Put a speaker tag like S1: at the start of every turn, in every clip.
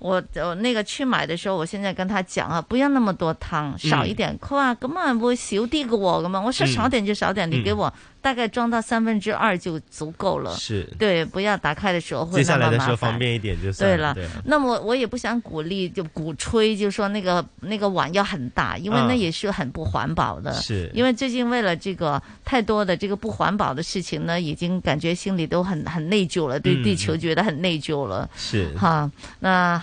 S1: 我我那個去買的時候，我現在跟他講啊，不要那麼多湯，少一點，哇，嗯，咁啊會少啲嘅喎，咁啊，我說少點就少點，嗯，你給我大概裝到三分之二就足夠了。是，對，不要打開的時候會那麼麻煩。接下來的時候方便
S2: 一點就算。對了，對了
S1: 那麼我也不想鼓勵就鼓吹，就是，說那個那個碗要很大，因為那也是很不環保的。是，嗯，因為最近為了這個太多的這個不環保的事情呢，已經感覺心裏都很很內疚了，對地球覺得很內疚
S2: 了。
S1: 嗯啊，是，哈，那。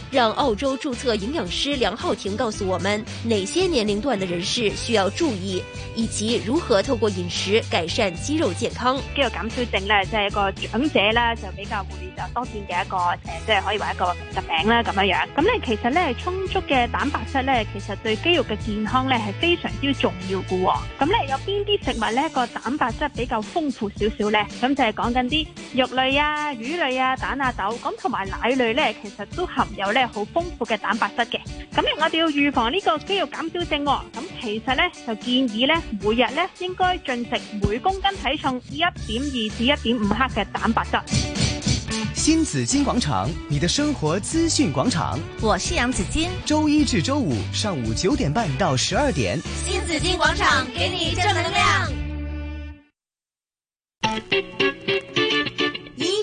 S3: 讓澳洲註冊營養師梁浩霆告訴我們，哪些年齡段的人士需要注意，以及如何透過飲食改善肌肉健康。肌肉減少症咧，即、就、係、是、一個長者啦就比較會就多見嘅一個誒，即、呃、係、就是、可以話一個疾病啦咁樣樣。咁咧其實
S4: 咧充足嘅蛋白質咧，其實對肌肉嘅健康咧係非常之重要噶、哦。咁咧有邊啲食物咧、這個蛋白質比較豐富少少咧？咁就係講緊啲肉類啊、魚類啊、蛋啊、豆咁同埋奶類咧，其實都含有咧。好豐富嘅蛋白質嘅，咁我哋要預防呢個肌肉減少症，咁其實呢就建議呢
S5: 每日呢應該進食每公斤體重一點二至一點五克嘅蛋白質。
S6: 新紫荊廣場，你的生活資訊廣場，
S5: 我係楊
S6: 紫荊，周一至周五上午九點半到十二點，
S5: 新紫荊廣場給
S7: 你正能量。嗯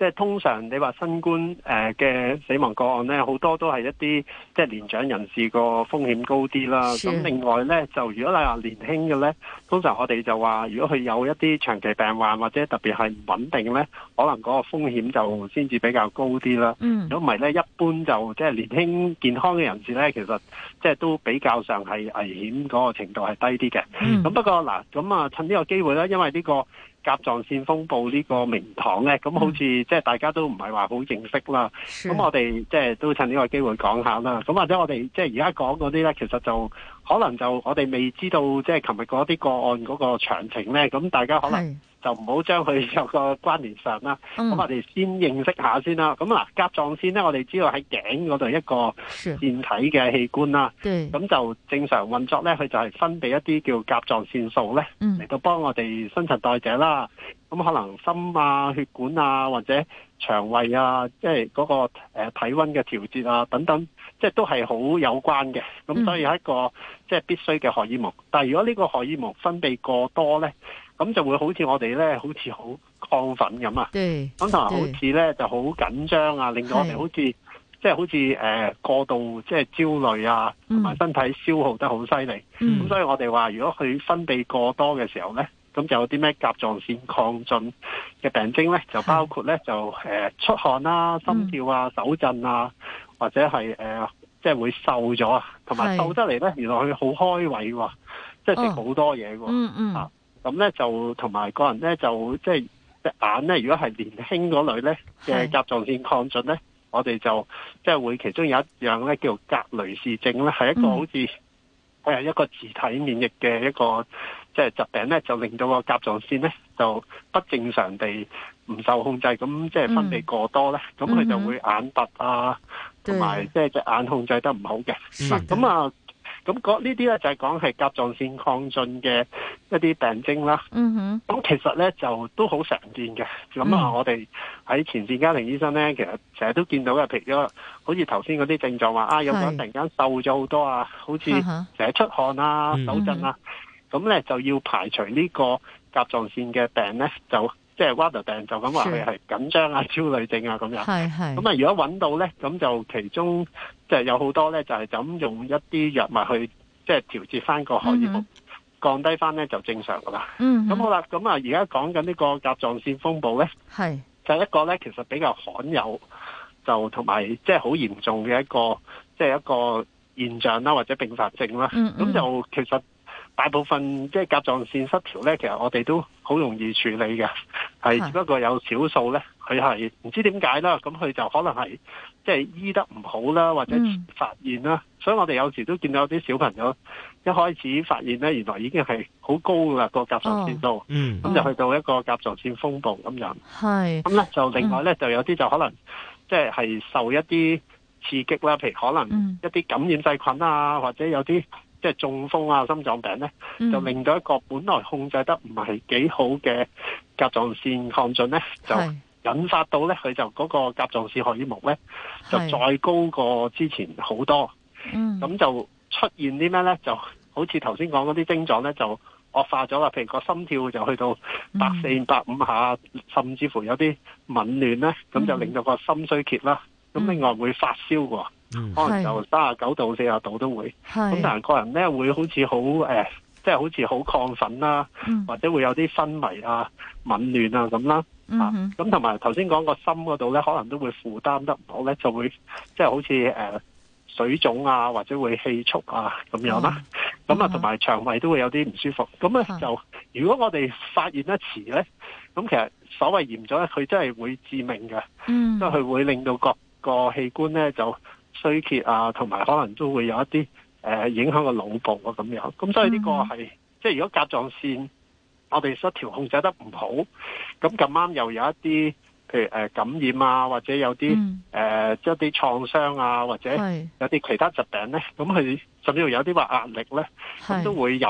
S8: 即係通常你話新冠誒嘅死亡個案咧，好多都係一啲即係年長人士個風險高啲啦。咁的另外咧，就如果你話年輕嘅咧，通常我哋就話如果佢有一啲長期病患或者特別係唔穩定咧，可能嗰個風險就先至比較高啲啦。
S9: 如果唔
S8: 係咧，一般就即係、就是、年輕健康嘅人士咧，其實即係都比較上係危險嗰、那個程度係低啲嘅。咁、嗯、不過嗱，咁啊趁呢個機會咧，因為呢、這個。甲狀腺風暴呢個名堂呢，咁好似即係大家都唔係話好認識啦。咁的我哋即係都趁呢個機會講下啦。咁或者我哋即係而家講嗰啲呢，其實就可能就我哋未知道即係琴日嗰啲個案嗰個詳情呢。咁大家可能。就唔好將佢有個關聯上啦。
S9: 咁、嗯、我哋
S8: 先認識下先啦。咁嗱，甲狀腺咧，我哋知道喺頸嗰度一個腺體嘅器官啦。咁就正常運作咧，佢就係分泌一啲叫甲狀腺素咧，嚟到幫我哋新陳代謝啦。咁可能心啊、血管啊或者腸胃啊，即係嗰個誒體温嘅調節啊等等，即係都係好有關嘅。咁、嗯、所以係一個即係必須嘅荷爾蒙。但係如果呢個荷爾蒙分泌過多咧？咁就會好似我哋咧，好似對好亢奮咁啊！咁
S9: 同埋好似
S8: 咧，是就好緊張啊，令到我哋好似即係好似誒過度，即、就、係、是、焦慮啊，同埋、嗯、身體消耗得好犀利。咁、嗯、所以我哋話，如果佢分泌過多嘅時候咧，咁就有啲咩甲狀腺亢進嘅病徵咧，就包括咧是就、呃、出汗啦、啊、心跳啊、嗯、手震啊，或者係即係會瘦咗是啊，同埋瘦得嚟咧，原來佢好開胃喎，即係食好多嘢喎，嗯嗯。啊。咁咧就同埋個人咧就即係隻眼咧，如果係年輕嗰類咧嘅甲狀腺亢進咧，我哋就即係會其中有一樣咧叫做格雷氏症咧，係一個好似誒一個自體免疫嘅一個即係疾病咧，就令到個甲狀腺咧就不正常地唔受控制，咁即係分泌過多咧，咁佢就會眼突啊，同埋即係隻眼控制得唔好嘅，咁啊。咁呢啲咧就係講係甲狀腺亢進嘅一啲病徵啦。嗯咁哼其實咧就都好常見嘅。咁啊、嗯，諗下我哋喺前線家庭醫生咧，其實成日都見到嘅，譬如咗好似頭先嗰啲症狀話啊，有冇人突然間瘦咗是好多啊，好似成日出汗啊、手震啊，咁咧就要排除呢個甲狀腺嘅病咧，就即係 water 病，是就咁話佢係緊張啊、焦慮症啊咁樣。咁啊，如果揾到咧，咁就其中。就係有好多咧，就係、是、咁用一啲藥物去即係、就是、調節翻個荷爾蒙，mm hmm. 降低翻咧就正常噶啦。嗯、mm，咁、hmm. 好啦，咁啊而家講緊呢個甲狀腺風暴咧，係是就一個咧其實比較罕有，就同埋即係好嚴重嘅一個，即、就、係、是、一個現象啦，或者併發症啦。咁、mm hmm. 就其實。大部分即係、就是、甲狀腺失調咧，其實我哋都好容易處理嘅，
S9: 係是只不
S8: 過有少數咧，佢係唔知點解啦，咁佢就可能係即係醫得唔好啦，或者發現啦，嗯、所以我哋有時都見到有啲小朋友一開始發現咧，原來已經係好高㗎啦、這個甲狀腺度，咁、哦、就去到一個甲狀腺風暴咁樣。
S9: 咁咧是，就另外
S8: 咧，嗯、就有啲就可能即係係受一啲刺激啦，譬如可能一啲感染細菌啊，或者有啲。即係中風啊、心臟病咧，嗯、就令到一個本來控制得唔係幾好嘅甲狀腺亢進咧，就引發到咧佢是就嗰個甲狀腺荷爾蒙咧就再高過之前好多，咁、嗯、就出現啲咩咧？就好似頭先講嗰啲症狀咧，就惡化咗啦。譬如個心跳就去到百四百五下，嗯、甚至乎有啲紊亂咧，咁、嗯、就令到個心衰竭啦。咁另外會發燒喎，嗯、
S9: 可能就
S8: 三十九度、四十度都會。咁但係個人咧會好似、呃就是、好即係好似好亢奮啦，嗯、或者會有啲昏迷啊、紊亂啊咁啦。咁同埋頭先講個心嗰度咧，可能都會負擔得唔好咧，就會即係、就是、好似、呃、水腫啊，或者會氣促啊咁樣啦。咁啊，同埋、啊嗯、哼腸胃都會有啲唔舒服。咁咧、嗯、哼就、嗯、哼如果我哋發現得遲咧，咁其實所謂嚴重咧，佢真係會致命嘅，
S9: 因為佢會
S8: 令到個個器官咧就衰竭啊，同埋可能都會有一啲誒、呃、影響個腦部啊咁樣。咁所以呢個係、嗯、即係如果甲狀腺我哋失調控制得唔好，咁咁啱又有一啲譬如誒、呃、感染啊，或者有啲誒即係啲創傷啊，或者有啲其他疾病咧，咁佢是甚至會有啲話壓力咧，咁都會有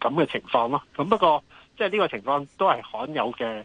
S8: 咁嘅情況咯。咁不過即係呢個情況都係罕有嘅。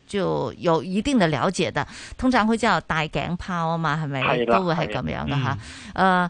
S1: 就有一定的了解的，通常會叫大頸泡啊嘛，係咪的都會係咁樣噶吓？誒。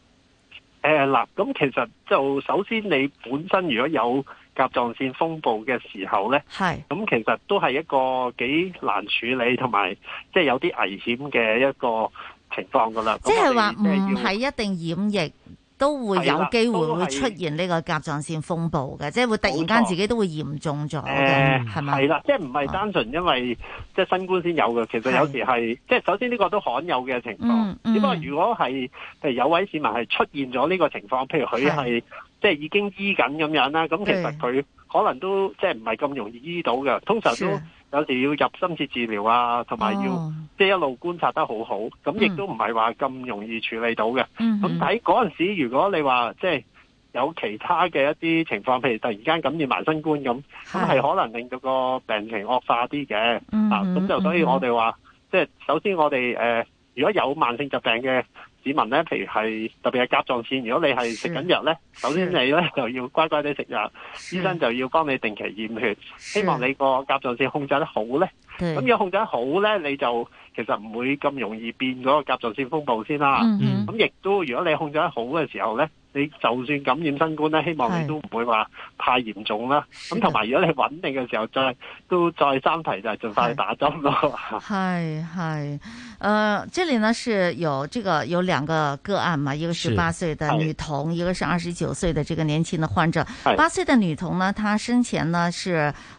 S8: 誒，嗱、呃，咁其實就首先你本身如果有甲狀腺風暴嘅時候呢，係是，咁其實都係一個幾難處理同埋，即係有啲危險嘅一個情況噶啦。即係話
S1: 唔係一定染疫。都會有機會會出現呢個甲狀腺風暴嘅，是的即係會突然間自己都會嚴重咗嘅，係咪、嗯？係啦吧，即係
S8: 唔係單純因為、哦、即係新冠先有嘅，其實有時係的即係首先呢個都罕有嘅情
S9: 況。嗯、只不過如
S8: 果係譬如有位市民係出現咗呢個情況，譬如佢係的即係已經醫緊咁樣啦，咁其實佢。可能都即係唔係咁容易醫到嘅，通常都有時要入深切治療啊，同埋要、oh. 即係一路觀察得好好，咁亦都唔係話咁容易處理到嘅。咁喺嗰陣時，如果你話即係有其他嘅一啲情況，譬如突然間感染慢新冠咁，咁係可能令到個病情惡化啲嘅。Mm
S9: hmm. 啊，咁就所
S8: 以我哋話，mm hmm. 即係首先我哋誒、呃、如果有慢性疾病嘅。市民咧，譬如係特別係甲狀腺，如果你係食緊藥咧，是首先你咧就要乖乖地食藥，是醫生就要幫你定期驗血，是希望你個甲狀腺控制得好咧。咁如果是控制得好咧，你就其實唔會咁容易變咗個甲狀腺風暴先啦。咁亦、嗯、哼都，如果你控制得好嘅時候咧。你就算感染新冠咧，希望你都唔會話太嚴重啦。咁同埋，如果你穩定嘅時候，再都再三提就係盡快去打針啦。
S1: 係係，誒、呃，這裏呢是有這個有兩個個案嘛，一個八歲的女童，一個是二十九歲的這個年輕的患者。八歲的、的女童呢，她生前呢是。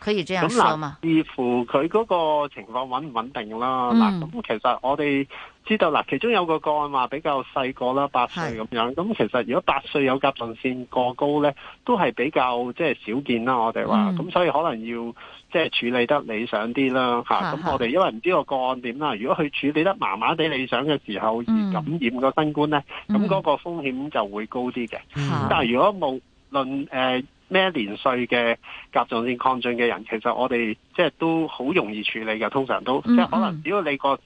S1: 佢而家有收嘛？
S8: 似乎佢嗰個情況穩唔穩定啦。嗱、嗯，咁其實我哋知道嗱，其中有個個案話比較細個啦，八歲咁樣。咁是其實如果八歲有甲狀腺過高咧，都係比較即係少見啦。我哋話咁，嗯、所以可能要即係、就是、處理得理想啲啦。吓是，咁我哋因為唔知個個案點啦。如果佢處理得麻麻地理想嘅時候，而感染個新冠咧，咁嗰、嗯、個風險就會高啲嘅。嗯、但係如果無論誒，呃咩年歲嘅甲狀腺亢進嘅人，其實我哋即係都好容易處理嘅，通常都嗯嗯即係可能只要你個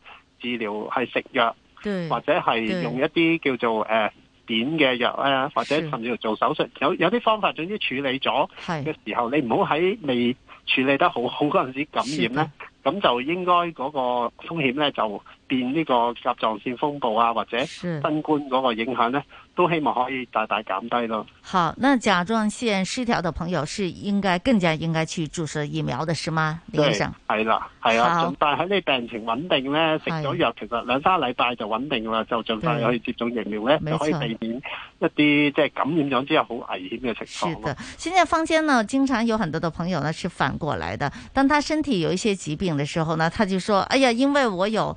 S8: 治療係食藥，對 或者係用一啲叫做誒、呃、碘嘅藥啊，或者甚至做手術是的，有有啲方法，總之處理咗嘅時候，是的 你唔好喺未處理得好好嗰陣時感染咧，咁是的 就應該嗰個風險咧就。變呢個甲狀腺風暴啊，或者新冠嗰個影響呢，是都希望可以大大減低咯。
S1: 好，那甲狀腺失調的朋友是應該更加應該去注射疫苗的，是嗎，李醫生？對，
S8: 係啦，係啊。好但喺你病情穩定呢，食咗藥其實兩三禮拜就穩定啦，就盡快可以接種疫苗呢，對就可以避免一啲即係感染咗之後好危險嘅情況。是的，
S1: 現在坊間呢經常有很多的朋友呢是反過來的，當他身體有一些疾病的時候呢，他就說：「哎呀，因為我有。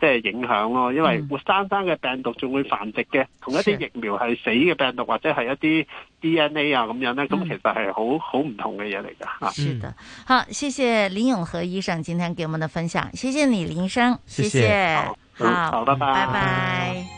S8: 即係影響咯，因為活生生嘅病毒仲會繁殖嘅，同一啲疫苗係死嘅病毒是或者係一啲 DNA 啊咁樣咧，咁其實係好好唔同嘅嘢嚟噶吓。嗯，
S1: 好，謝謝林永和醫生今天給我們的分享，謝謝你林生，謝謝，謝謝好，好，好拜拜。拜拜。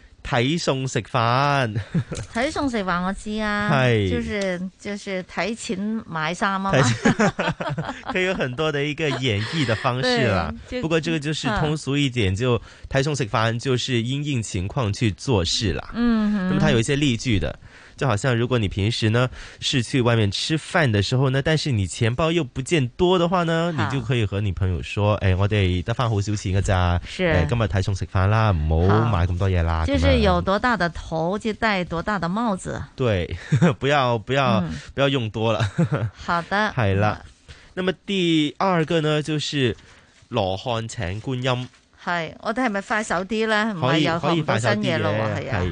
S2: 睇餸食飯，
S1: 睇 餸食飯我知啊、 就是，就是就是睇錢買衫啊嘛，
S2: 佢 有很多的一個演繹的方式啦。 就不過這個就是通俗一點就，就睇餸食飯就是因應情況去做事啦。嗯哼，咁佢有一些例句的。就好像如果你平時呢是去外面吃飯的時候呢，但是你錢包又不見多的話呢，好你就可以和你朋友說：哎我得得翻好少錢噶、啊、咋？誒是、哎，今日睇餸食飯啦，唔好買咁多嘢啦。好樣就是有
S1: 多大的頭就戴多大的帽子，
S2: 對呵呵，不要不要、嗯、不要用多了。 好的，係啦。 那麼第二個呢，就是羅漢請觀音。
S1: 係，我哋係咪快手啲咧？可以可以快手啲嘅，係啊。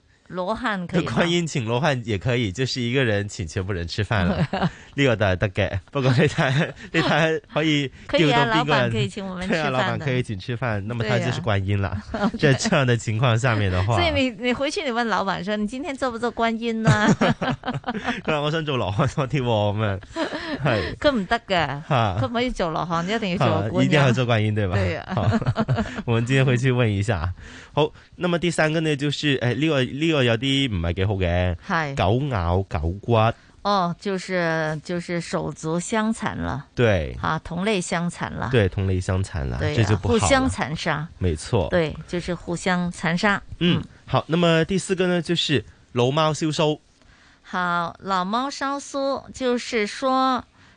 S1: 羅漢可以，觀音
S2: 請羅漢也可以，就是一個人請全部人吃飯了，呢個都係得嘅。不過你睇你睇可以，可以啊，老闆可以請我們吃飯。啊，啊，老闆可以請吃飯，那麼他就是觀音了。在這樣的情況下面的話， 所以
S1: 你你回去你問老闆說，你今天做不做觀音呢？
S2: 佢話我想做羅漢多啲咁樣。
S1: 係，佢唔得嘅，佢唔可以做羅漢你做、 啊啊，一定要做觀音。一定要做
S2: 觀音對吧？對啊。好， 我們今天回去問一下。好，那麼第三個呢，就是誒，呢、哎這個呢、這個有啲唔係幾好嘅，係狗咬狗骨，哦
S1: ，oh, 就是就是手足相殘啦，
S2: 對，
S1: 啊，同類相殘啦，對，
S2: 同類相殘啦，對啊、這就不好互相
S1: 殘殺，
S2: 沒錯，對，
S1: 就是互相殘殺，嗯，
S2: 嗯，好，那麼第四個呢，就是老貓燒酥，
S1: 好，老貓燒酥，就是說。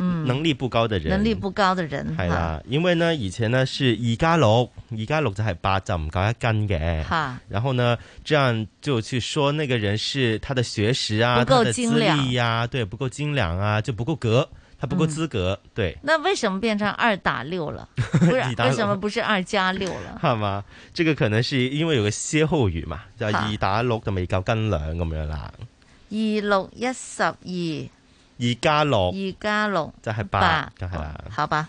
S1: 嗯，能
S2: 力不高的人，能力
S1: 不高的人，係啦，
S2: 因為呢，以前呢是二加六，二加六就係八就唔夠一斤嘅，哈，然後呢，這樣就去說那個人是他的學識啊，不夠精良呀，對，不夠精良啊，就不夠格，他不夠資格，對。
S1: 那為什麼變成二打六
S2: 了？為什麼
S1: 不是二加六了？
S2: 好嘛，這個可能是因為有個歇後語嘛，叫二打六就未夠斤兩咁樣啦。
S1: 二六一十二。
S2: 二加六，二加六就係是八，就係啦、哦，
S1: 好吧。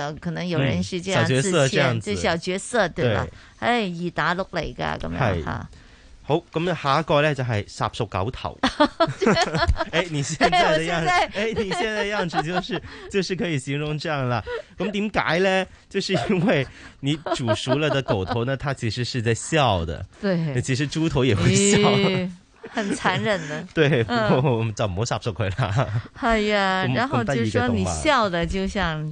S1: 可能有人是這樣子，稱，小角色對吧？哎，二打六嚟㗎咁樣。
S2: 好，咁下一個呢就係殺熟狗頭。哎，你現在的樣子，哎，你現在的樣子就是就是可以形容這樣啦。咁點解呢？就是因為你煮熟了的狗頭呢，它其實是在笑的。對，其實豬頭也會笑，
S1: 很殘忍的。
S2: 對，就唔好殺熟佢啦。
S1: 係啊，然後就說你笑的就像。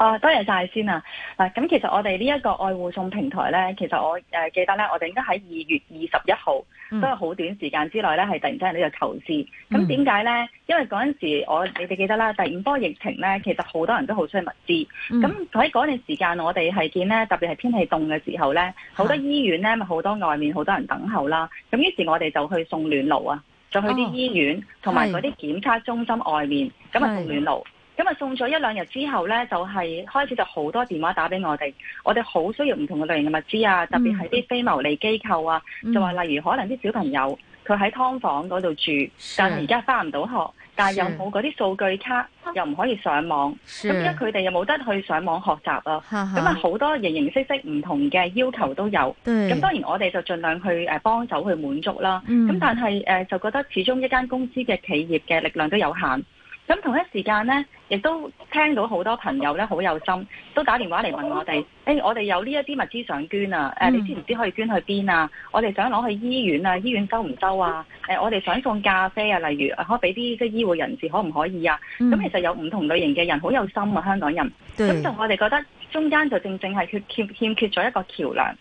S4: 啊，多謝曬先啊！嗱、啊，咁其實我哋呢一個愛護送平台咧，其實我誒、呃、記得咧，我哋應該喺二月二十一號，都係好短時間之內咧，係突然之間、嗯啊、呢度投資。咁點解咧？因為嗰陣時我你哋記得啦，第五波疫情咧，其實好多人都好需要物資。咁喺嗰段時間，我哋係見咧，特別係天氣凍嘅時候咧，好多醫院咧咪好多外面好多人等候啦。咁於是，我哋就去送暖爐啊，就去啲醫院同埋嗰啲檢測中心外面，咁啊、哦嗯、送暖爐。咁為送咗一兩日之後呢，就係、是、開始就好多電話打俾我哋，我哋好需要唔同嘅類型嘅物資啊，特別係啲非牟利機構啊，嗯、就話例如可能啲小朋友佢喺劏房嗰度住，是但係而家翻唔到學，但係又冇嗰啲數據卡，是又唔可以上網，咁而家佢哋又冇得去上網學習啊，咁啊好多形形色色唔同嘅要求都有，咁對當然我哋就盡量去誒幫手去滿足啦。咁、嗯、但係誒就覺得始終一間公司嘅企業嘅力量都有限。咁同一時間呢，亦都聽到好多朋友呢，好有心，都打電話嚟問我哋、嗯、欸：我哋有呢一啲物資想捐啊！嗯、啊你知唔知可以捐去邊啊？我哋想攞去醫院啊，醫院收唔收啊？我哋想送咖啡啊，例如可畀啲即係醫護人士可唔可以啊？咁、嗯、其實有唔同類型嘅人好有心啊，香港人。咁、嗯，就我哋覺得中間就正正係缺欠缺咗一個橋梁，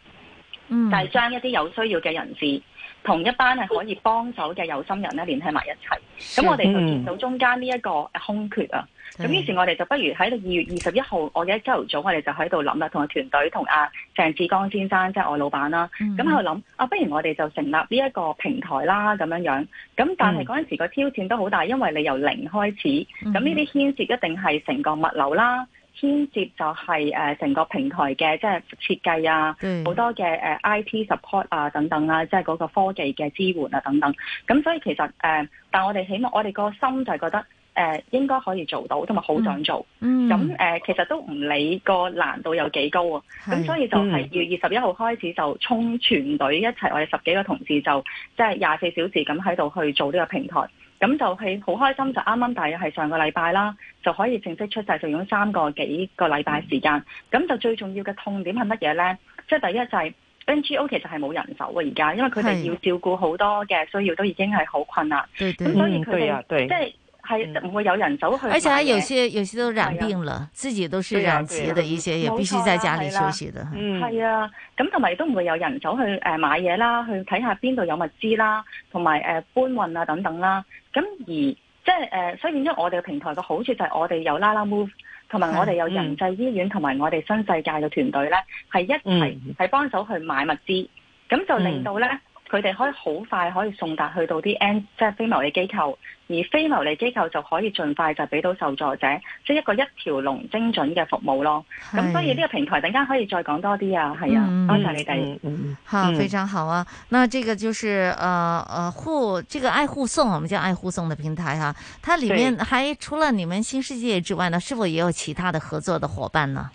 S4: 嗯、就係將一啲有需要嘅人士。同一班係可以幫手嘅有心人咧，聯繫埋一齊。咁我哋就見到中間呢一個空缺啊。咁、mm hmm. 於是，我哋就不如喺度二月二十一號，我嘅朝頭早，我哋就喺度諗啦，同個團隊同阿、啊、鄭志剛先生即係、就是、我老闆啦。咁喺度諗啊，不如我哋就成立呢一個平台啦，咁樣樣。咁但係嗰陣時個挑戰都好大，mm hmm. 因為你由零開始，咁呢啲牽涉一定係成個物流啦。牽涉就係誒成個平台嘅即係設計啊，好、mm. 多嘅 I T support 啊等等啦、啊，即係嗰個科技嘅支援啊等等。咁所以其實誒、呃，但我哋起碼我哋個心就係覺得誒、呃、應該可以做到，同埋好想做。咁、mm. 呃、其實都唔理個難度有幾高啊。咁、mm. 所以就係二月二十一號開始就衝全隊一齊，我哋十幾個同事就即係廿四小時咁喺度去做呢個平台。咁就好開心，就啱啱大約係上個禮拜啦，就可以正式出世。就用三個幾個禮拜時間。咁、嗯、就最重要嘅痛點係乜嘢呢？即、就、係、係、第一就係 NGO 其實係冇人手喎，而家，因為佢哋要照顧好多嘅需要都已經係好
S1: 困難。咁對所以佢哋即係
S4: 係唔會有人走去、嗯？而且有些
S1: 有些都染病了，的自己都是染疾的一些，也必須在家裏休息的。嗯，
S4: 係啊，咁同埋都唔會有人走去誒買嘢啦，去睇下邊度有物資啦，同埋誒搬運啊等等啦。咁而即係誒，所以變咗我哋嘅平台嘅好處就係我哋有啦啦 move，同埋我哋有仁濟醫院同埋、啊嗯、我哋新世界嘅團隊咧，係一齊係幫手去買物資，咁、嗯、就令到咧。嗯佢哋可以好快可以送達去到啲 n 即係非牟利機構，而非牟利機構就可以盡快就俾到受助者，即、就、係、是、一個一條龍精準嘅服務咯。咁的所以呢個平台陣間可以再講多啲啊，係啊、嗯，多謝你哋，嗯嗯嗯、
S1: 好、嗯、非常好啊。那這個就是誒誒護，這個愛護送，我們叫愛護送的平台哈、啊，它裏面還除了你們新世界之外呢，呢是否也有其他的合作的伙伴呢？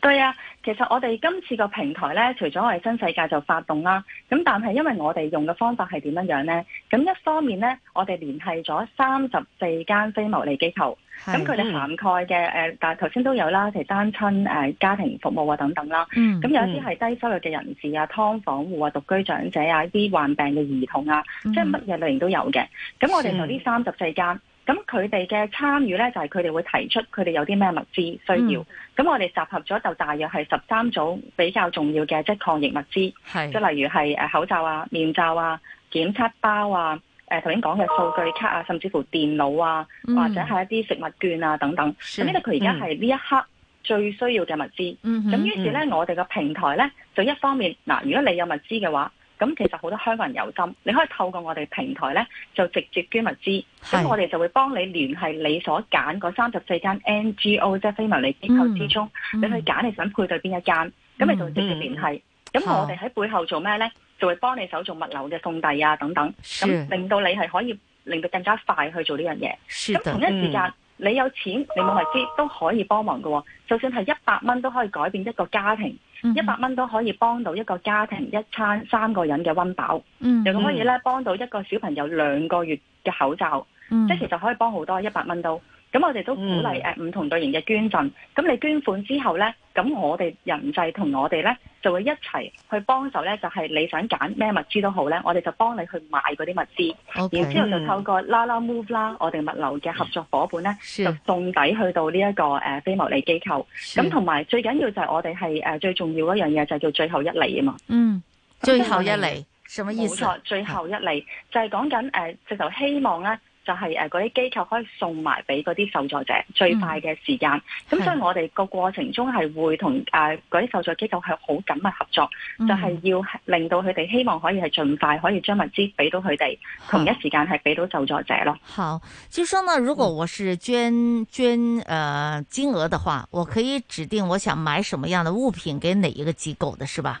S4: 對呀、啊。其實我哋今次個平台咧，除咗我哋新世界就發動啦，咁但係因為我哋用嘅方法係點樣樣咧？咁一方面咧，我哋聯繫咗三十四間非牟利機構，咁佢哋涵蓋嘅誒，但係頭先都有啦，其實單親誒、呃、家庭服務啊等等啦。咁、嗯、有一啲係低收入嘅人士啊、劏、嗯、房戶啊、獨居長者啊、一啲患病嘅兒童啊，嗯、即係乜嘢類型都有嘅。咁的我哋就呢三十四間。咁佢哋嘅參與呢，就係佢哋會提出佢哋有啲咩物資需要，咁、嗯、我哋集合咗就大約係十三組比較重要嘅即係抗疫物資，即係是例如係口罩啊、面罩啊、檢測包啊、誒頭先講嘅數據卡啊，哦、甚至乎電腦啊，嗯、或者係一啲食物券啊等等。咁呢度佢而家係呢一刻最需要嘅物資。咁、嗯、於是呢，嗯、我哋個平台呢，就一方面嗱、呃，如果你有物資嘅話，咁其實好多香港人有心，你可以透過我哋平台呢就直接捐物資，咁是我哋就會幫你聯繫你所揀嗰三十四間 NGO、嗯、即係非牟利機構之中，嗯、你去揀你想配對邊一間，咁、嗯、你就直接聯繫咁、嗯、我哋喺背後做咩呢？好就會幫你手做物流嘅送遞啊，等等，咁令到你係可以令到更加快去做呢樣嘢。咁的同一時間。嗯你有錢，你冇物資都可以幫忙嘅，哦，就算係一百蚊都可以改變一個家庭，一百蚊都可以幫到一個家庭一餐三個人嘅温飽，
S10: 又咁，mm hmm. 可以咧
S4: 幫到一個小朋友兩個月嘅口罩，mm hmm. 即係其實可以幫好多一百蚊都。咁我哋都鼓勵誒，唔同類型嘅捐贈。咁你捐款之後咧，咁我哋人際同我哋咧，就會一齊去幫手咧，就係、是、你想揀咩物資都好咧，我哋就幫你去買嗰啲物資，然 Okay, 之後就透過啦啦 Move 啦，嗯、我哋物流嘅合作伙伴咧，是就送抵去到呢、這、一個誒、呃、非牟利機構。咁同埋最緊要就係我哋係誒最重要、呃、最重要一樣嘢，就叫最後一嚟啊嘛。嗯，後最後一嚟，什麼意思？冇錯，最後一嚟、啊、就係講緊誒，直、呃、頭、就是、希望咧。就係誒嗰啲機構可以送埋俾嗰啲受助者、嗯、最快嘅時間，咁所以我哋個過程中係會同誒嗰啲受助機構係好緊密合作，嗯、就係要令到佢哋希望可以係盡快可以將物資俾到佢哋，好同一時間係俾到受助者咯。
S1: 好，就說呢，如果我是捐捐誒、呃、金額的話，我可以指定我想買什麼樣的物品給哪一個機構的，是吧？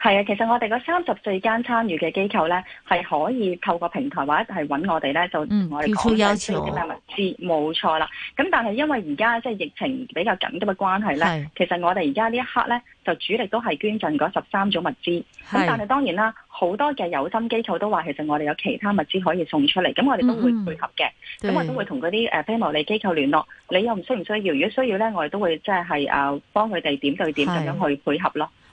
S4: 係啊，其實我哋嗰三十四間參與嘅機構咧，係可以透過平台或者係揾我哋咧，就同我哋講有啲咩物資，冇、嗯、錯啦。咁但係因為而家即係疫情比較緊急嘅關係咧，是的 其實我哋而家呢一刻咧，就主力都係捐贈嗰十三種物資。咁是的 但係當然啦，好多嘅有心機構都話，其實我哋有其他物資可以送出嚟。咁我哋都會配合嘅，咁、嗯、我都會同嗰啲誒非牟利機構聯絡，你又唔需唔需要？如果需要咧，我哋都會即係係誒幫佢哋點對點咁樣去配合咯。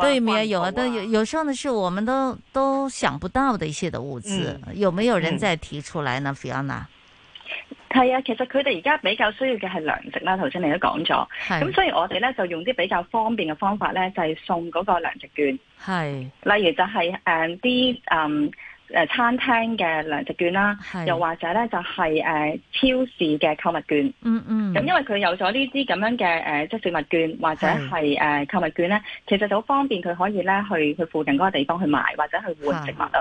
S1: 對，麵有啊，但有時候呢，是我們都都想不到的一些的物資，嗯、有沒有人再提出來呢？Fiona 係
S4: 啊，其實佢哋而家比較需要嘅係糧食啦，頭先你都講咗，咁是所以我哋呢，就用啲比較方便嘅方法呢，就係、是、送嗰個糧食券，
S11: 係是，
S4: 例如就係、是、啲、嗯誒餐廳嘅糧食券啦，又或者咧就係誒超市嘅購物券，嗯。嗯嗯。咁因為佢有咗呢啲咁樣嘅誒即食物券或者係誒購物券咧，是其實就好方便佢可以咧去去附近嗰個地方去買或者去換食物啊。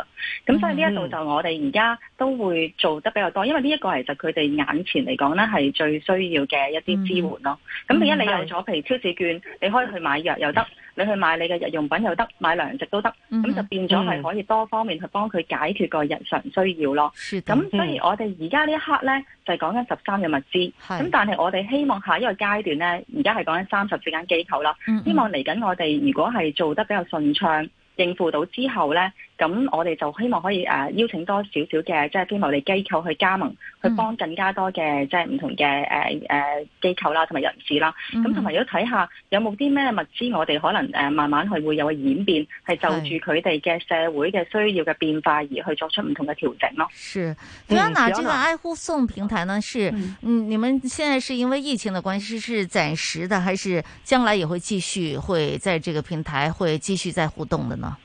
S4: 咁是所以呢一度就我哋而家都會做得比較多，因為呢一個其實佢哋眼前嚟講咧係最需要嘅一啲支援咯。咁而家你有咗譬如超市券，你可以去買藥又得。你去買你嘅日用品又得，買糧食都得，咁、嗯、就變咗係可以多方面去幫佢解決個日常需要咯。咁的所以我哋而家呢一刻呢，就係講緊十三嘅物資，咁的但係我哋希望下一個階段呢，而家係講緊三十幾間機構啦，嗯、希望嚟緊我哋如果係做得比較順暢，應付到之後呢。咁我哋就希望可以誒、啊、邀請多少少嘅即係非牟利機構去加盟，嗯、去幫更加多嘅即係唔同嘅誒誒機構啦，同埋人士啦。咁同埋如果睇下有冇啲咩物資，我哋可能誒、啊、慢慢係會有個演變，係就住佢哋嘅社會嘅需要嘅變化而去作出唔同嘅調整咯。是，咁樣嗱，呢個
S1: 愛護送平台呢，是，嗯，你們現在是因為疫情嘅關係是暫時的，還是將來也會繼續會在這個平台會繼續再互動的呢？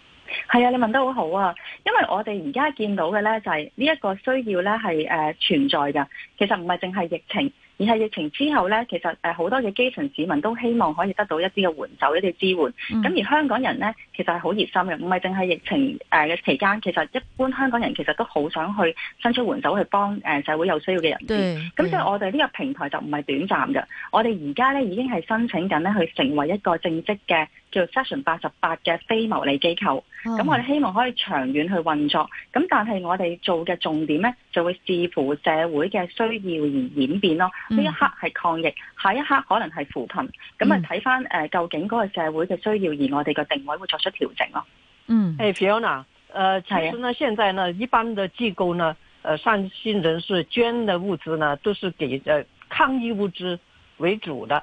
S1: 係啊，你問得好好啊，
S4: 因為我哋而家見到嘅呢，就係呢一個需要呢係誒存在嘅，其實唔係淨係疫情，而係疫情之後呢，其實誒好、呃、多嘅基層市民都希望可以得到一啲嘅援手、一啲支援。咁、嗯、而香港人呢，其實係好熱心嘅，唔係淨係疫情誒、呃、期間，其實一般香港人其實都好想去伸出援手去幫誒、呃、社會有需要嘅人。啲對。咁、嗯、所以我哋呢個平台就唔係短暫嘅，我哋而家呢已經係申請緊呢，去成為一個正職嘅。叫 Session 八十八嘅非牟利機構，咁、嗯、我哋希望可以長遠去運作，咁但係我哋做嘅重點咧，就會視乎社會嘅需要而演變咯。呢、嗯、一刻係抗疫，下一刻可能係扶貧，咁啊睇翻誒究竟嗰個社會嘅需要而我哋嘅定位會作出調整咯。嗯，誒、Hey,
S11: Fiona 誒、呃、其實呢，現在呢，一般的機構呢，誒、呃、善心人士捐嘅物資呢，都是給誒、呃、抗疫物資為主的。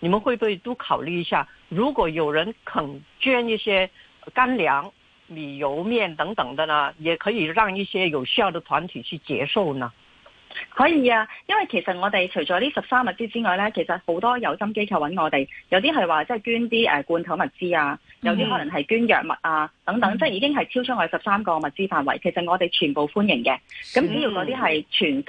S11: 你們會不會都考慮一下，如果有人肯捐一些乾糧、米油麵等等的呢，也可以讓一些有需要的團體去接受呢？可以啊，因為其實
S4: 我哋除咗呢十三物資之外呢，其實好多有心機構揾我哋，有啲係話即係捐啲誒罐頭物資啊，嗯、有啲可能係捐藥物啊等等，嗯、即係已經係超出我哋十三個物資範圍。其實我哋全部歡迎嘅，咁的只要嗰啲係全新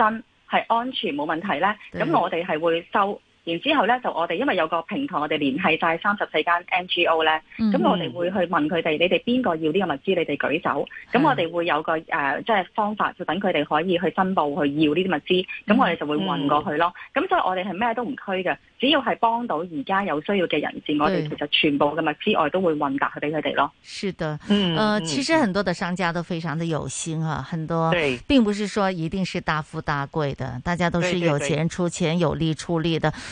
S4: 係安全冇問題呢，咁對我哋係會收。然之後咧，就我哋因為有個平台，我哋聯繫晒三十四間 NGO 咧，咁我哋會去問佢哋，你哋邊個要呢個物資，你哋舉手。咁、嗯、我哋會有個誒，即、呃、係、就是、方法，就等佢哋可以去申報去要呢啲物資。咁我哋就會運過去咯。咁、嗯嗯、所以，我哋係咩都唔拘嘅，只要係幫到而家有需要嘅人士，對我哋其實全部嘅物資我哋都會運達去俾佢哋咯。
S1: 是的，呃、嗯，誒，其實很多的商家都非常的有心啊，很多並不是說一定是大富大貴的，大家都是有錢出錢，對對對有力出力的。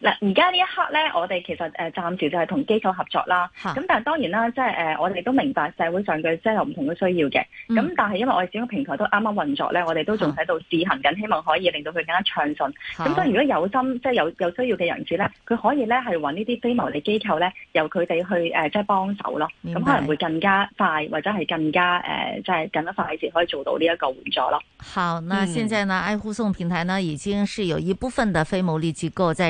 S1: 嗱，而家呢一刻咧，我哋其實誒暫時就係同機構合作
S4: 啦。咁好但係當然啦，即係誒我哋都明白社會上嘅即係有唔同嘅需要嘅。咁、嗯、但係因為我哋整個平台都啱啱運作咧，嗯、我哋都仲喺度試行緊，好希望可以令到佢更加暢順。咁所以如果有心即係、就是、有有需要嘅人士咧，佢可以咧係搵呢啲非牟利機構咧，由佢哋去誒、呃、即係幫手咯。咁白可能會更加快或者係更加誒即係更加快捷可以做到呢一個援助咯。
S1: 好，那現在呢、嗯、愛護送平台呢，已經是有一部分嘅非牟利機構在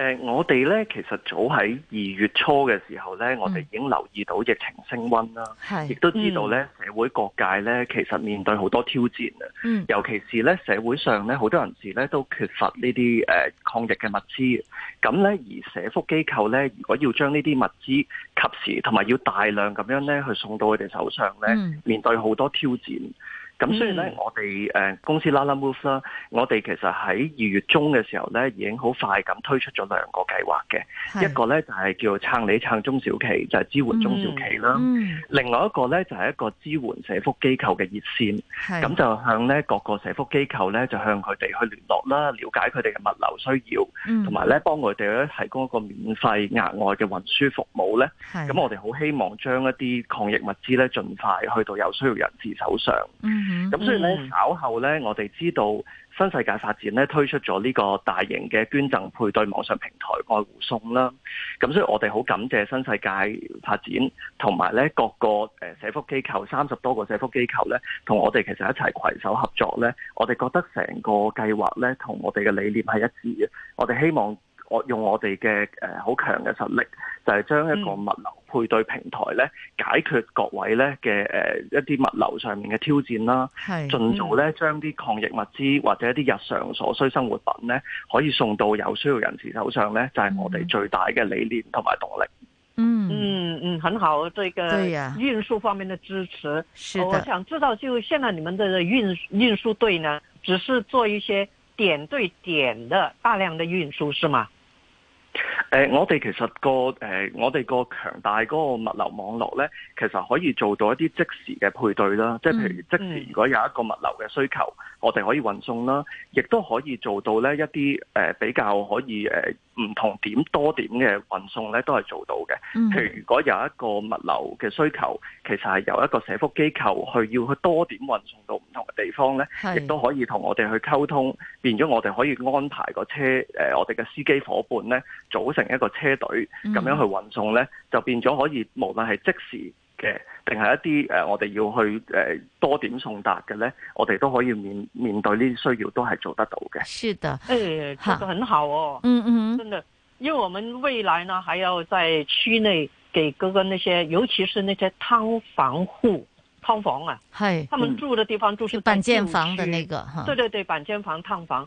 S12: 呃、我哋咧其實早喺二月初嘅時候咧，嗯、我哋已經留意到疫情升溫啦，亦都、嗯、知道咧社會各界咧其實面對好多挑戰啊，嗯、尤其是咧社會上咧好多人士咧都缺乏呢啲、呃、抗疫嘅物資，咁咧而社福機構咧如果要將呢啲物資及時同埋要大量咁樣咧去送到佢哋手上咧，嗯、面對好多挑戰。咁雖然咧，呢嗯、我哋誒公司 Lalamove 啦，我哋其實喺二月中嘅時候咧，已經好快咁推出咗兩個計劃嘅，是一個咧就係、是、叫撐你撐中小企，就係、是、支援中小企、嗯、啦，嗯、另外一個咧就係、是、一個支援社福機構嘅熱線，咁是就向咧各個社福機構咧，就向佢哋去聯絡啦，了解佢哋嘅物流需要，同埋咧幫佢哋咧提供一個免費額外嘅運輸服務咧。咁是我哋好希望將一啲抗疫物資咧，盡快去到有需要人士手上。嗯咁、嗯嗯、所以咧，稍後咧，我哋知道新世界發展咧推出咗呢個大型嘅捐贈配對網上平台愛護送啦。咁所以，我哋好感謝新世界發展同埋咧各個誒社福機構，三十多個社福機構咧，同我哋其實一齊攜手合作咧。我哋覺得成個計劃咧，同我哋嘅理念係一致嘅。我哋希望。我用我哋嘅誒好強嘅實力，就係、是、將一個物流配對平台咧，解決各位咧嘅、呃、一啲物流上面嘅挑戰啦，
S9: 盡早咧
S12: 將啲抗疫物資或者一啲日常所需生活品咧，可以送到有需要人士手上咧，就係、是、我哋最大嘅理念同埋動力。嗯嗯
S11: 嗯，很好，這個運輸方面的支持，啊、我想知道就現在你們的運運輸隊呢，只是做一些點對點的大量的運輸，是嗎？
S12: 誒、呃，我哋其實個誒、呃，我哋個強大嗰個物流網絡咧，其實可以做到一啲即時嘅配對啦。嗯、即係譬如即時，如果有一個物流嘅需求，我哋可以運送啦，亦都可以做到咧一啲誒、呃、比較可以誒唔、呃、同點多點嘅運送咧，都係做到嘅。嗯、譬如如果有一個物流嘅需求，其實係由一個社福機構去要去多點運送到唔同嘅地方咧，亦都是可以同我哋去溝通，變咗我哋可以安排個車誒、呃，我哋嘅司機伙伴咧。組成一個車隊咁樣去運送呢，就變咗可以無論係即時嘅，定係一啲、呃、我哋要去、呃、多點送達嘅呢，我哋都可以面面對呢啲需要都係做得到嘅。
S11: 是的，誒、哎、這個很好哦，嗯嗯、啊，真的，因為我們未來呢，還要在區內給嗰個那些，尤其是那些劏房戶㓥房啊，係，嗯、他們住的地方就是板間房的那個、啊、對對對板間房。劏房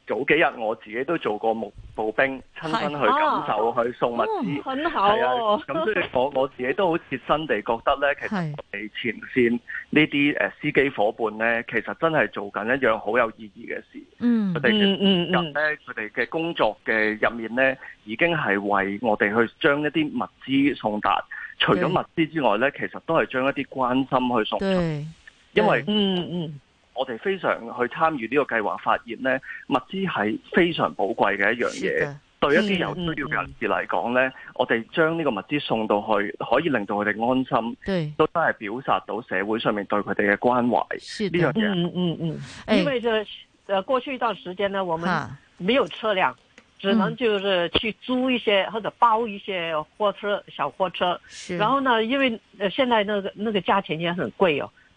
S12: 早幾日我自己都做過步步兵，親身去感受去送物資，係啊，
S11: 咁、啊哦啊啊、所以
S12: 我我自己都好切身地覺得咧， 其實我哋前線呢啲誒司機夥伴咧，其實真係做緊一樣好有意義嘅事。
S9: 嗯嗯
S12: 咧佢哋嘅工作嘅入、嗯嗯嗯、面咧，已經係為我哋去將一啲物資送達。對除咗物資之外咧，其實都係將一啲關心去送。對，
S9: 因為
S12: 嗯對嗯。嗯我哋非常去參與呢個計劃，發現呢物資係非常寶貴嘅一樣嘢。的對一啲有需要嘅人士嚟講呢、嗯、我哋將呢個物資送到去，的可以令到佢哋安心，對都真係表達到社會上面對佢哋嘅關懷。
S11: 呢樣嘢。因為就誒、呃、過去一段時間呢，我們沒有車輛，哈只能就是去租一些、嗯、或者包一些貨車、小貨車。然後呢，因為現在那個那個價錢也很貴哦。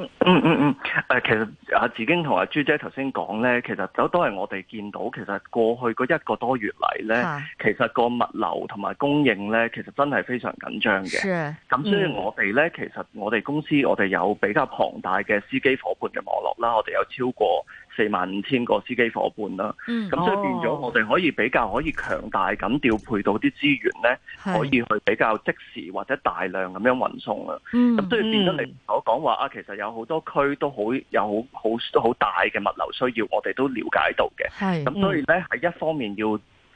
S1: 嗯
S12: 嗯嗯，誒、嗯嗯嗯，其實阿子京同阿朱姐頭先講咧，其實有都係我哋見到，其實過去嗰一個多月嚟咧，的其實個物流同埋供應咧，其實真係非常緊張嘅。
S9: 咁的所以我
S12: 哋咧，嗯、其實我哋公司我哋有比較龐大嘅司機伙伴嘅網絡啦，我哋有超過。四萬五千個司機伙伴啦，咁、嗯、所以變咗我哋可以比較可以強大咁調配到啲資源呢是可以去比較即時或者大量咁樣運送啦。咁所以變咗你所講話、嗯、啊，其實有好多區都好有好好大嘅物流需要，我哋都了解到嘅。咁是所以呢，係、嗯、一方面要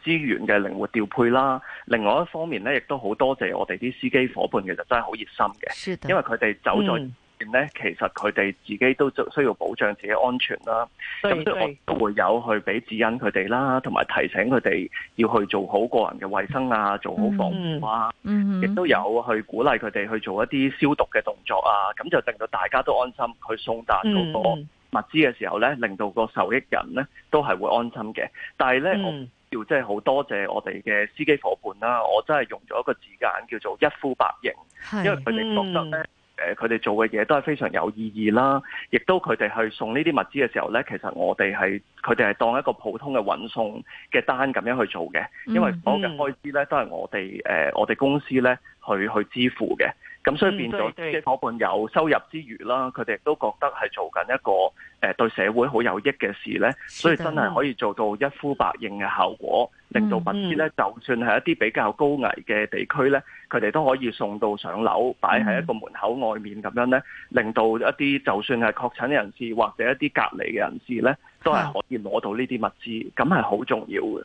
S12: 資源嘅靈活調配啦，另外一方面呢，亦都好多謝我哋啲司機伙伴其實真係好熱心嘅，的因為佢哋走咗。咧，其實佢哋自己都需要保障自己安全啦。
S13: 咁所以我
S12: 都會有去俾指引佢哋啦，同埋提醒佢哋要去做好個人嘅衛生啊，做好防護啊，
S9: 亦都、嗯嗯嗯、有
S12: 去鼓勵佢哋去做一啲消毒嘅動作啊。咁就令到大家都安心去送達嗰個物資嘅時候咧，令到個受益人咧都係會安心嘅。但係咧，嗯、我真的要真係好多謝我哋嘅司機伙伴啦，我真係用咗一個字眼叫做一呼百應，是因為佢哋覺得咧。嗯誒佢哋做嘅嘢都係非常有意義啦，亦都佢哋去送呢啲物資嘅時候呢，其實我哋係佢哋係當一個普通嘅運送嘅單咁樣去做嘅，因為所有嘅開支呢都係我哋誒我哋公司呢去去支付嘅。咁、嗯、所以變咗啲夥伴有收入之餘啦，佢哋亦都覺得係做緊一個誒對社會好有益嘅事咧，所以真係可以做到一呼百應嘅效果，令到物資咧，嗯嗯、就算係一啲比較高危嘅地區咧，佢哋都可以送到上樓擺喺一個門口外面咁樣咧，令到一啲就算係確診人士或者一啲隔離嘅人士咧，都係可以攞到呢啲物資，咁係好重要嘅。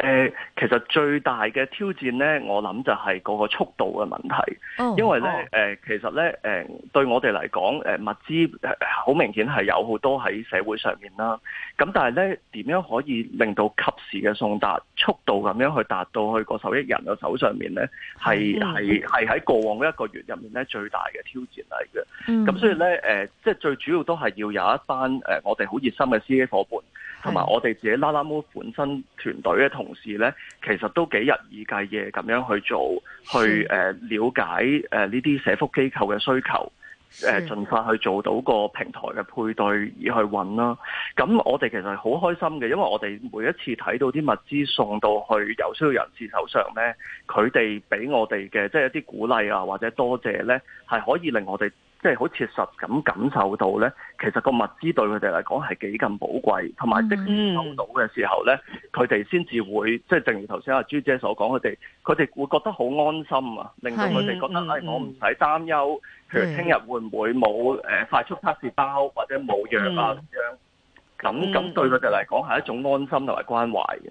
S12: 誒、呃，其實最大嘅挑戰咧，我諗就係嗰個速度嘅問題。Oh, 因為咧，誒、oh. 呃，其實咧，誒、呃，對我哋嚟講，誒、呃，物資好明顯係有好多喺社會上面啦。咁但係咧，點樣可以令到及時嘅送達速度咁樣去達到去個受益人嘅手上面咧？係係係喺過往一個月入面咧，最大嘅挑戰嚟嘅。Mm. 嗯。咁所以咧，誒、呃，即係最主要都係要有一班誒、呃，我哋好熱心嘅司機伙伴。同埋我哋自己啦啦 Move 本身團隊嘅同事呢，其實都幾日以繼夜咁樣去做，的去了解呢啲社福機構嘅需求，的盡快去做到個平台嘅配對而去揾啦、啊。咁我哋其實係好開心嘅，因為我哋每一次睇到啲物資送到去有需要人士手上呢，佢哋俾我哋嘅即係一啲鼓勵啊，或者多謝呢，係可以令我哋。即係好切實咁感，感受到呢，其實個物資對佢哋嚟講係幾咁寶貴，同埋即係收到嘅時候呢，佢哋先至會即係、就是、正如頭先阿朱姐所講，佢哋佢哋會覺得好安心啊，令到佢哋覺得唉，是哎、我唔使擔憂，是譬如聽日會唔會冇誒快速測試包或者冇藥啊咁樣，咁咁、嗯、對佢哋嚟講係一種安心同埋關懷嘅。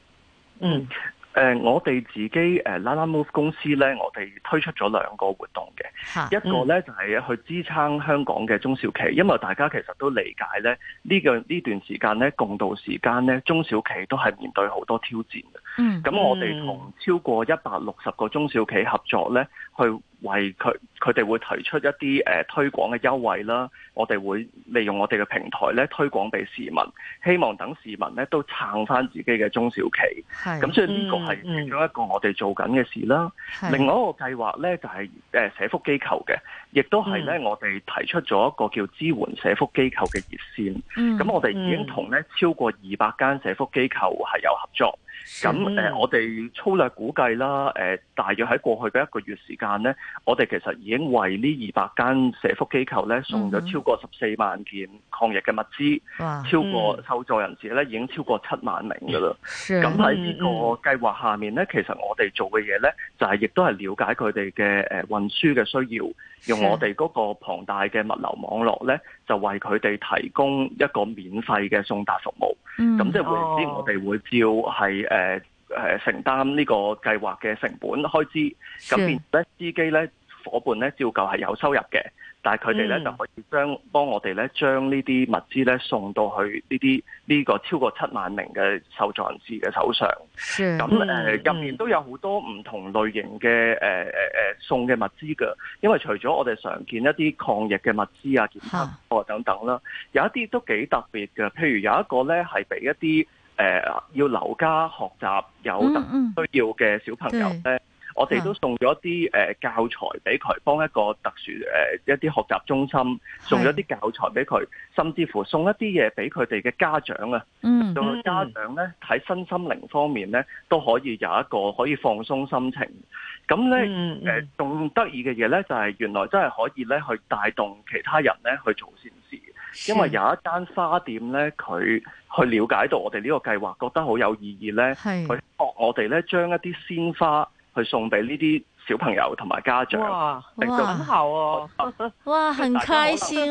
S12: 嗯，誒、呃，我哋自己誒 Lalamove 公司咧，我哋推出咗兩個活動嘅，一個咧就係、是、去支撐香港嘅中小企，因為大家其實都理解咧，呢、這個呢段時間咧，共度時間咧，中小企都係面對好多挑戰嘅。
S9: 嗯，咁我哋同
S12: 超過一百六十個中小企合作咧，去為佢佢哋會提出一啲誒、呃、推廣嘅優惠啦。我哋會利用我哋嘅平台咧推廣俾市民，希望等市民咧都撐翻自己嘅中小企。係是，咁所以呢個係其中一個我哋做緊嘅事啦。是另外一個計劃咧就係、是、誒、呃、社福機構嘅，亦都係咧我哋提出咗一個叫支援社福機構嘅熱線。咁、嗯、我哋已經同咧超過二百間社福機構係有合作。咁我哋粗略估計啦，大約喺過去嘅一個月時間咧，我哋其實已經為呢二百間社福機構咧送咗超過十四萬件抗疫嘅物資，嗯嗯、超過受助人士咧已經超過七萬名噶啦。咁喺呢個計劃下面咧，其實我哋做嘅嘢咧，就係、是、亦都係了解佢哋嘅運輸嘅需要，用我哋嗰個龐大嘅物流網絡咧，就為佢哋提供一個免費嘅送達服務。咁、嗯、即係換言之，我哋會照係。誒誒、呃呃，承擔呢個計劃嘅成本開支，咁變咗是司機咧、伙伴咧，照舊係有收入嘅。但係佢哋咧就可以將幫我哋咧將呢啲物資咧送到去呢啲呢個超過七萬名嘅受助人士嘅手上。
S9: 咁誒
S12: 入面都有好多唔同類型嘅誒誒誒送嘅物資噶。因為除咗我哋常見一啲抗疫嘅物資啊、健康哦等等啦，哈有一啲都幾特別嘅。譬如有一個咧係俾一啲。誒、呃，要留家學習有特殊需要嘅小朋友咧，嗯嗯、我哋都送咗啲誒教材俾佢，幫一個特殊誒、呃、一啲學習中心送咗啲教材俾佢，甚至乎送一啲嘢俾佢哋嘅家長、嗯嗯、啊，
S9: 到家
S12: 長咧喺身心靈方面咧都可以有一個可以放鬆心情。咁咧，誒仲得意嘅嘢咧，就係、是、原來真係可以咧去帶動其他人咧去做善事。是因為有一間花店咧，佢去了解到我哋呢個計劃，覺得好有意義咧。係佢學我哋咧，將一啲鮮花去送俾呢啲小朋友同埋家長。哇
S11: 咁好啊！哇，哇，很開心。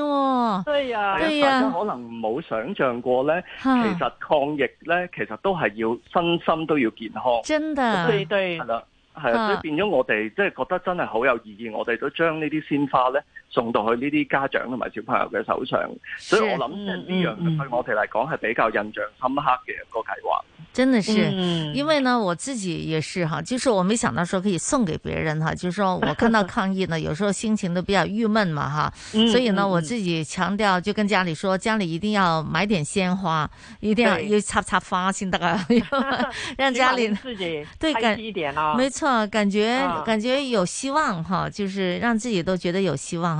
S11: 所以啊，所以、哎呀啊、可能
S12: 冇想象過咧，啊、其實抗疫咧，其實都係要身心都要健康。真的。咁你係啦，係啊，所以變咗我哋即係覺得真係好有意義。我哋都將呢啲鮮花咧。送到去呢啲家長同埋小朋友嘅手上，是所以我諗就係呢樣對我哋嚟講係比較印象深刻嘅一個計劃，
S1: 真的是，因為呢我自己也是哈，就是我沒想到說可以送給別人哈，就說、是、我看到抗疫呢， 有時候心情都比較鬱悶嘛哈， 所以呢我自己強調就跟家裏說，家裏一定要買點鮮花，一定要對要插插花，先得啊，
S11: 讓家裡 自己一點、哦、對感，沒錯，
S1: 感覺感覺有希望哈，嗯、就是讓自己都覺得有希望。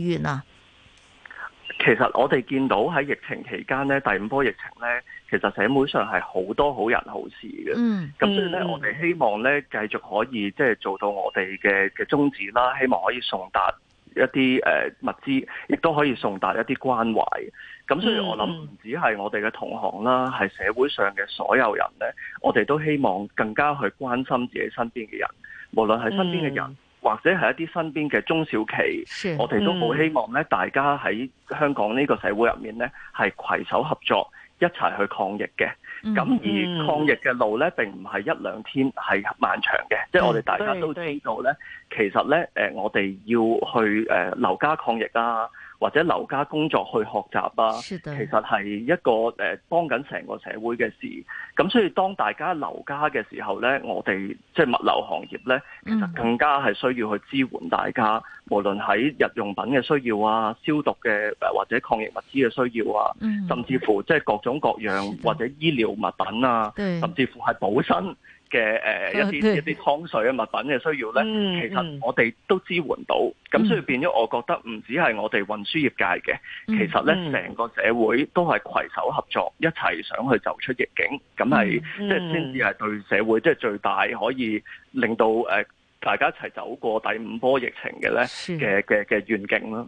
S1: 啊，
S12: 其實我哋見到喺疫情期間咧，第五波疫情咧，其實社會上係好多好人好事嘅。嗯，咁所以咧，嗯、我哋希望咧，繼續可以即係、就是、做到我哋嘅嘅宗旨啦，希望可以送達一啲誒、呃、物資，亦都可以送達一啲關懷。咁所以，我諗唔止係我哋嘅同行啦，係、嗯、社會上嘅所有人咧，我哋都希望更加去關心自己身邊嘅人，無論係身邊嘅人。嗯或者係一啲身邊嘅中小企，是我哋都好希望咧，嗯、大家喺香港呢個社會入面咧，係攜手合作一齊去抗疫嘅。咁、嗯、而抗疫嘅路咧，並唔係一兩天係漫長嘅，即、就、係、是、我哋大家都知道咧，嗯、其實咧、呃，我哋要去誒、呃、留家抗疫啊。或者留家工作去學習啊，是的其實，係一個幫、呃、幫緊成個社會嘅事。咁所以當大家留家嘅時候咧，我哋即係物流行業咧，
S9: 其實更加
S12: 係需要去支援大家，嗯、無論喺日用品嘅需要啊、消毒嘅或者抗疫物資嘅需要啊，嗯、甚至乎即係各種各樣的或者醫療物品啊，對甚至乎係補身。嘅誒、呃、一啲一啲湯水嘅物品嘅需要咧，嗯、其實我哋都支援到，咁所以變咗，我覺得唔止係我哋運輸業界嘅，嗯、
S9: 其實咧
S12: 成、嗯、個社會都係攜手合作，一齊想去走出逆境，咁係、嗯、即係先至係對社會即係最大可以令到誒、呃、大家一齊走過第五波疫情嘅咧嘅嘅嘅願景咯。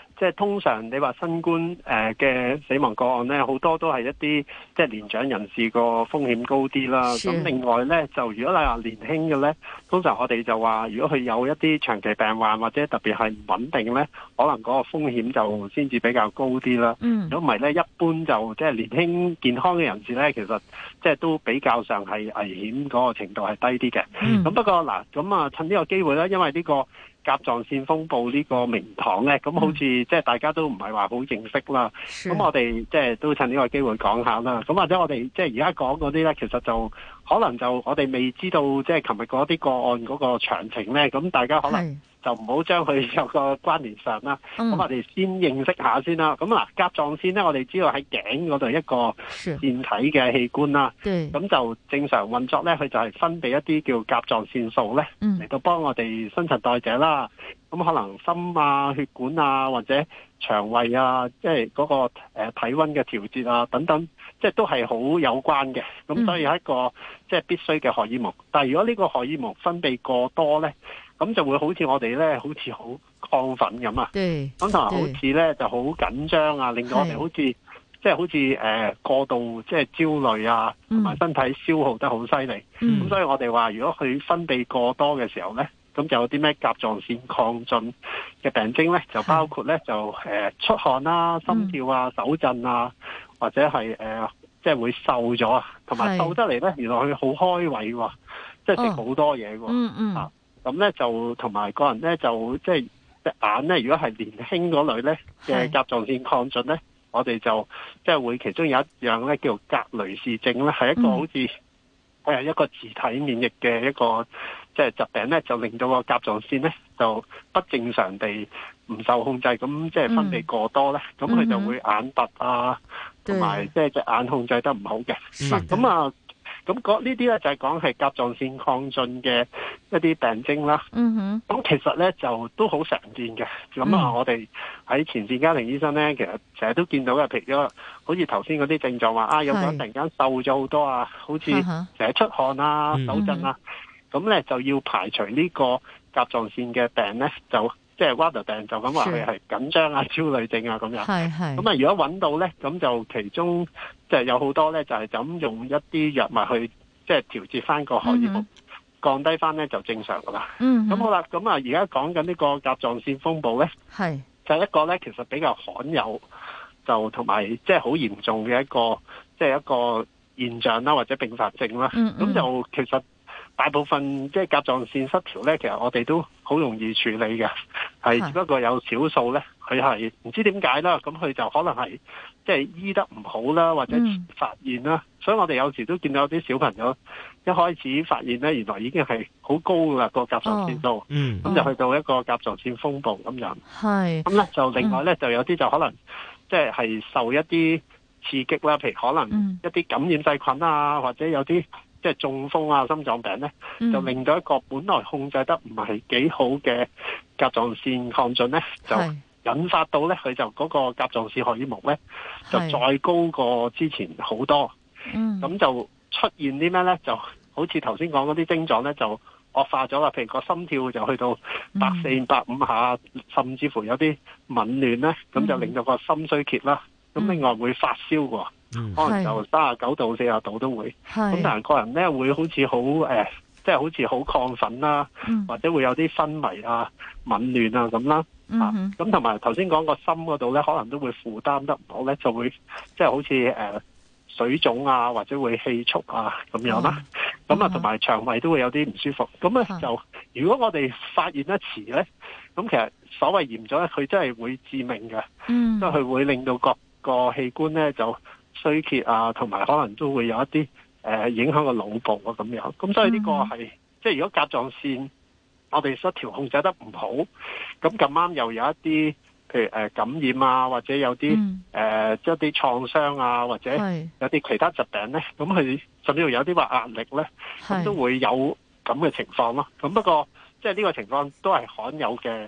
S8: 即係通常你話新冠誒嘅死亡個案咧，好多都係一啲即係年長人士個風險高啲啦。咁的另外咧，就如果你話年輕嘅咧，通常我哋就話如果佢有一啲長期病患或者特別係唔穩定咧，可能嗰個風險就先至比較高啲啦。如果唔係咧，一般就即係、就是、年輕健康嘅人士咧，其實即係都比較上係危險嗰、那個程度係低啲嘅。咁、嗯、不過嗱，咁啊趁呢個機會咧，因為呢、這個。甲狀腺風暴呢個名堂呢，咁好似即係大家都唔係話好認識啦。咁的我哋即係都趁呢個機會講下啦。咁或者我哋即係而家講嗰啲呢，其實就可能就我哋未知道即係琴日嗰啲個案嗰個詳情呢。咁大家可能。就唔好將佢有個關聯上啦。咁、嗯、我哋先認識下先啦。咁嗱，甲狀腺咧，我哋知道喺頸嗰度一個腺體嘅器官啦。咁就正常運作咧，佢就係分泌一啲叫甲狀腺素咧，嚟到幫我哋新陳代謝啦。咁、嗯、可能心啊、血管啊或者腸胃啊，即係嗰個誒體温嘅調節啊等等，即、就、係、是、都係好有關嘅。咁、嗯、所以係一個即係、就是、必須嘅荷爾蒙。但係如果呢個荷爾蒙分泌過多咧？咁就會好似我哋咧，好似好亢奮咁啊！咁同埋好似咧，就好緊張啊，令到我哋好似即係好似誒過度，即係焦慮啊，同埋身體消耗得好犀利。咁所以我哋話，如果佢分泌過多嘅時候咧，咁就有啲咩甲狀腺亢進嘅病徵咧，就包括咧就誒出汗啦、心跳啊、手震啊，或者係誒即係會瘦咗啊，同埋瘦得嚟咧，原來佢好開胃喎，
S9: 即係食好
S8: 多嘢喎，嗯嗯。咁咧就同埋個人咧就即係隻眼咧，如果係年輕嗰類咧嘅甲狀腺亢進咧，我哋就即係會其中有一樣咧叫做格雷氏症咧，係一個好似誒一個自體免疫嘅一個即係疾病咧，就令到個甲狀腺咧就不正常地唔受控制，咁即係分泌過多咧，咁佢就會眼凸啊，同埋即係隻眼控制得唔好嘅，咁啊。咁呢啲咧就係講係甲狀腺亢進嘅一啲病徵啦。嗯咁哼其實咧就都好常見嘅。咁啊、嗯，想想我哋喺前線家庭醫生咧，其實成日都見到嘅，譬如咗好似頭先嗰啲症狀話啊，有冇人突然間瘦咗是好多啊，好似成日出汗啊、嗯、哼手震啊，咁咧、嗯、哼就要排除呢個甲狀腺嘅病咧，就即係 water 病，就咁話佢係緊張啊、焦慮是症啊咁樣。係係。咁啊，如果揾到咧，咁就其中。就係有好多咧，就係、是、咁用一啲藥物去即係、就是、調節翻個荷爾蒙，mm hmm. 降低翻咧就正常噶啦。嗯、mm，咁、hmm. 好啦，咁啊而家講緊呢個甲狀腺風暴咧，係是就一個咧其實比較罕有，就同埋即係好嚴重嘅一個，即、就、係、是、一個現象啦，或者併發症啦。嗯、mm，咁、hmm. 就其實。大部分即係、就是、甲狀腺失調咧，其實我哋都好容易處理嘅，
S9: 係是只不
S8: 過有少數咧，佢係唔知點解啦，咁佢就可能係即係醫得唔好啦，或者發現啦，嗯、所以我哋有時都見到有啲小朋友一開始發現咧，原來已經係好高㗎啦個甲狀腺數，咁、哦、就去到一個甲狀腺風暴咁樣。
S9: 咁咧是，就另外
S8: 咧，嗯、就有啲就可能即係係受一啲刺激啦，譬如可能一啲感染細菌啊，或者有啲。即係中風啊、心臟病咧，嗯、就令到一個本來控制得唔係幾好嘅甲狀腺亢進咧，就引發到咧佢是就嗰個甲狀腺荷爾蒙咧就再高過之前好多，咁是就出現啲咩咧？就好似頭先講嗰啲症狀咧，就惡化咗啦。譬如個心跳就去到百四百五下，嗯、甚至乎有啲紊亂咧，咁、嗯、就令到個心衰竭啦。咁另外會發燒喎，
S9: 嗯、可能就
S8: 三十九度、四十度都會。咁但係個人咧會好似、呃就是、好即係好似好亢奮啦、啊，嗯、或者會有啲昏迷啊、紊亂啊咁啦。咁同埋頭先講個心嗰度咧，可能都會負擔得唔好咧，就會即係、就是、好似、呃、水腫啊，或者會氣促啊咁樣啦。咁啊，同埋、啊嗯、哼腸胃都會有啲唔舒服。咁咧、嗯、哼就、嗯、哼如果我哋發現得遲咧，咁其實所謂嚴咗咧，佢真係會致命嘅，即係佢、嗯、會令到個。個器官咧就衰竭啊，同埋可能都會有一啲誒、呃、影響個腦部啊咁樣，咁所以呢個係、嗯、即係如果甲狀腺我哋失調控制得唔好，咁咁啱又有一啲譬如誒、呃、感染啊，或者有啲誒即係啲創傷啊，或者有啲其他疾病咧，咁佢甚至乎有啲話壓力咧，咁都會有咁嘅情況咯。咁不過即係呢個情況都係罕有嘅。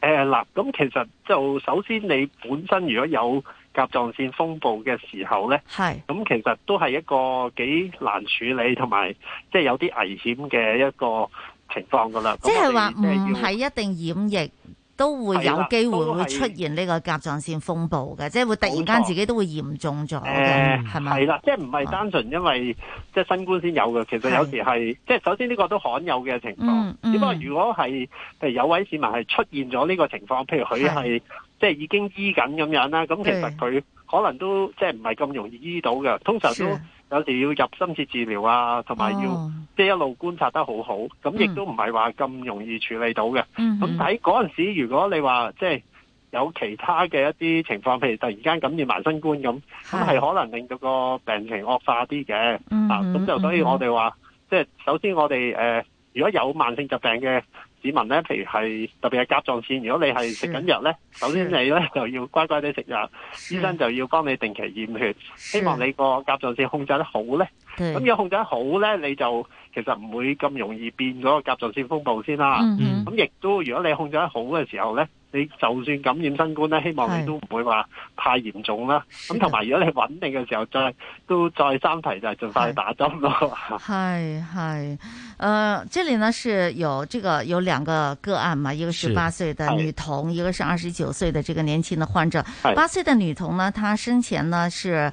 S8: 誒，嗱、呃，咁其實就首先你本身如果有甲狀腺風暴嘅時候呢，係是，咁其實都係一個幾難處理同埋，即係有啲危險嘅一個情況噶啦。即係話
S1: 唔係一定染疫。都會有機會會出現呢個甲狀腺風暴嘅，是的即係會突然間自己都會嚴重咗嘅，咪錯？係啦吧，即係
S8: 唔係單純因為即係新冠先有嘅，其實有時係的即係首先呢個都罕有嘅情
S9: 況。嗯、只不過如
S8: 果係誒有位市民係出現咗呢個情況，譬如佢係的即係已經醫緊咁樣啦，咁其實佢。可能都即係唔係咁容易醫到嘅，通常都有時要入深切治療啊，同埋要即係、oh. 一路觀察得好好，咁亦都唔係話咁容易處理到嘅。
S9: 咁喺
S8: 嗰陣時，如果你話即係有其他嘅一啲情況，譬如突然間感染埋新冠咁，咁係可能令到個病情惡化啲嘅
S9: 啊。咁就所以
S8: 我哋話，即係首先我哋誒、呃、如果有慢性疾病嘅。市民咧，譬如係特別係甲狀腺，如果你係食緊藥咧，是首先你咧就要乖乖哋食藥，是醫生就要幫你定期驗血，是希望你個甲狀腺控制得好咧。咁是如果控制得好咧，你就其實唔會咁容易變咗個甲狀腺風暴先啦。咁亦、嗯嗯、都，如果你控制得好嘅時候咧。你就算感染新冠咧，希望你都唔會話太嚴重啦。咁同埋，如果你穩定嘅時候，再都再三提就係盡快去打針咯。
S1: 係係，誒、呃，這裏呢是有這個有兩個個案嘛，一個八歲的女童，的一個是二十九歲的這個年輕的患者。八歲的女童呢，她生前呢是。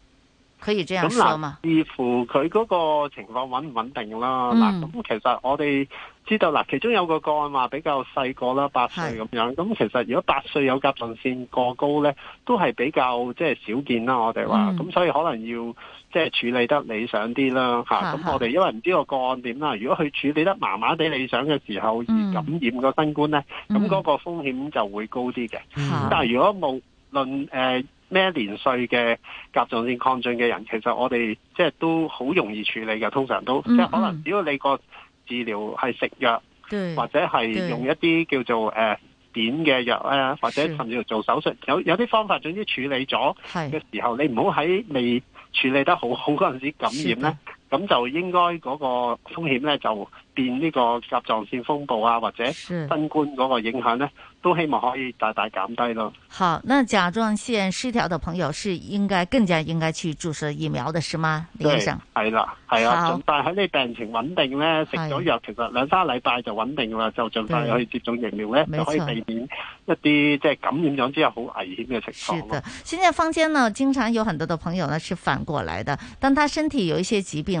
S1: 可以咁嗱，視
S8: 乎佢嗰個情況穩唔穩定啦。嗱、嗯，咁其實我哋知道啦，其中有個個案話比較細個啦，八歲咁樣。咁是其實如果八歲有甲狀腺過高咧，都係比較即係少見啦。我哋話，咁、嗯、所以可能要即係、就是、處理得理想啲啦。咁是我哋因為唔知個個案點啦。如果佢處理得麻麻地理想嘅時候，嗯、而感染個新冠咧，咁嗰、嗯、個風險就會高啲嘅。嗯、但係如果無論誒。呃咩年歲嘅甲狀腺亢進嘅人，其實我哋即係都好容易處理嘅，通常都、嗯、即係可能只要你個治療係食藥，對或者係用一啲叫做誒、呃、碘嘅藥啊，或者甚至做手術，的有有啲方法總之處理咗嘅時候，的你唔好喺未處理得好好嗰陣時感染呢。咁就應該嗰個風險咧，就變呢個甲狀腺風暴啊，或者新冠嗰個影響咧，都希望可以大大減低咯。
S1: 好，那甲狀腺失調的朋友是應該更加應該去注射疫苗的，是嗎？李醫生？
S8: 係啦，係啊。但係好你病情穩定咧，食咗藥其實兩三禮拜就穩定啦，就儘快去接種疫苗咧，對就可以避免一啲即係感染咗之後好危險嘅情況。是的，
S1: 現在坊間呢，經常有很多的朋友呢，是反過來的，當他身體有一些疾病，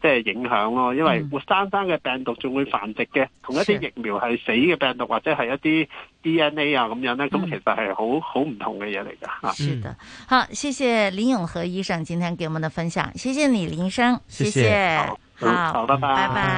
S8: 即係影響咯，因為活生生嘅病毒仲會繁殖嘅，同一啲疫苗係死嘅病毒是或者係一啲 DNA 啊咁樣咧，咁其實係好好唔同嘅嘢嚟噶吓。是的，
S1: 好，謝謝林永和醫生今天給我們的分享，謝謝你林醫生，謝謝，謝謝好，好，好拜拜。拜拜。